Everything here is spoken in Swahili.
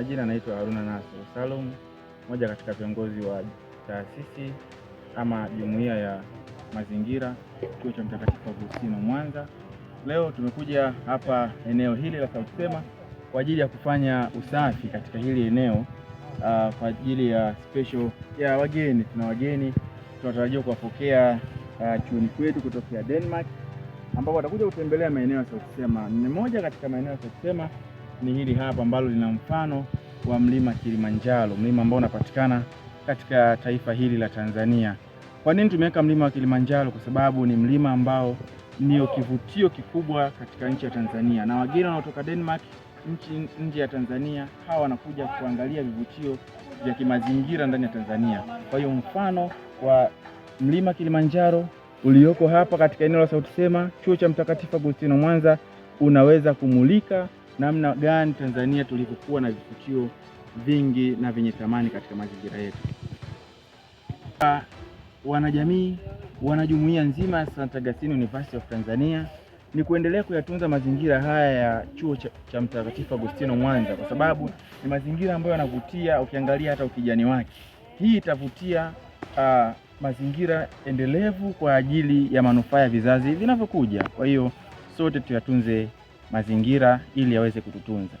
majina anaitwa Haruna Nasr Salum, mmoja katika viongozi wa taasisi ama jumuiya ya mazingira Chuo cha Mtakatifu Agustino Mwanza. Leo tumekuja hapa eneo hili la Sautisema kwa ajili ya kufanya usafi katika hili eneo uh, kwa ajili ya special ya wageni. Tuna wageni tunatarajiwa kuwapokea uh, chuoni kwetu kutokea Denmark, ambapo watakuja kutembelea maeneo ya Sautisema. Mmoja katika maeneo ya Sautisema ni hili hapa ambalo lina mfano wa mlima Kilimanjaro, mlima ambao unapatikana katika taifa hili la Tanzania. Kwa nini tumeweka mlima wa Kilimanjaro? Kwa sababu ni mlima ambao ndio kivutio kikubwa katika nchi ya Tanzania, na wageni wanaotoka Denmark nchi nje ya Tanzania hawa wanakuja kuangalia vivutio vya kimazingira ndani ya Tanzania. Kwa hiyo mfano wa mlima Kilimanjaro ulioko hapa katika eneo la Sauti Sema, chuo cha Mtakatifu Agustino Mwanza, unaweza kumulika namna gani Tanzania tulivyokuwa na vivutio vingi na vyenye thamani katika mazingira yetu. Ah, wanajamii, wanajumuiya nzima ya St. Augustine University of Tanzania ni kuendelea kuyatunza mazingira haya ya chuo cha, cha Mtakatifu Agustino Mwanza, kwa sababu ni mazingira ambayo yanavutia, ukiangalia hata ukijani wake. Hii itavutia uh, mazingira endelevu kwa ajili ya manufaa ya vizazi vinavyokuja. Kwa hiyo sote tuyatunze mazingira ili yaweze kututunza.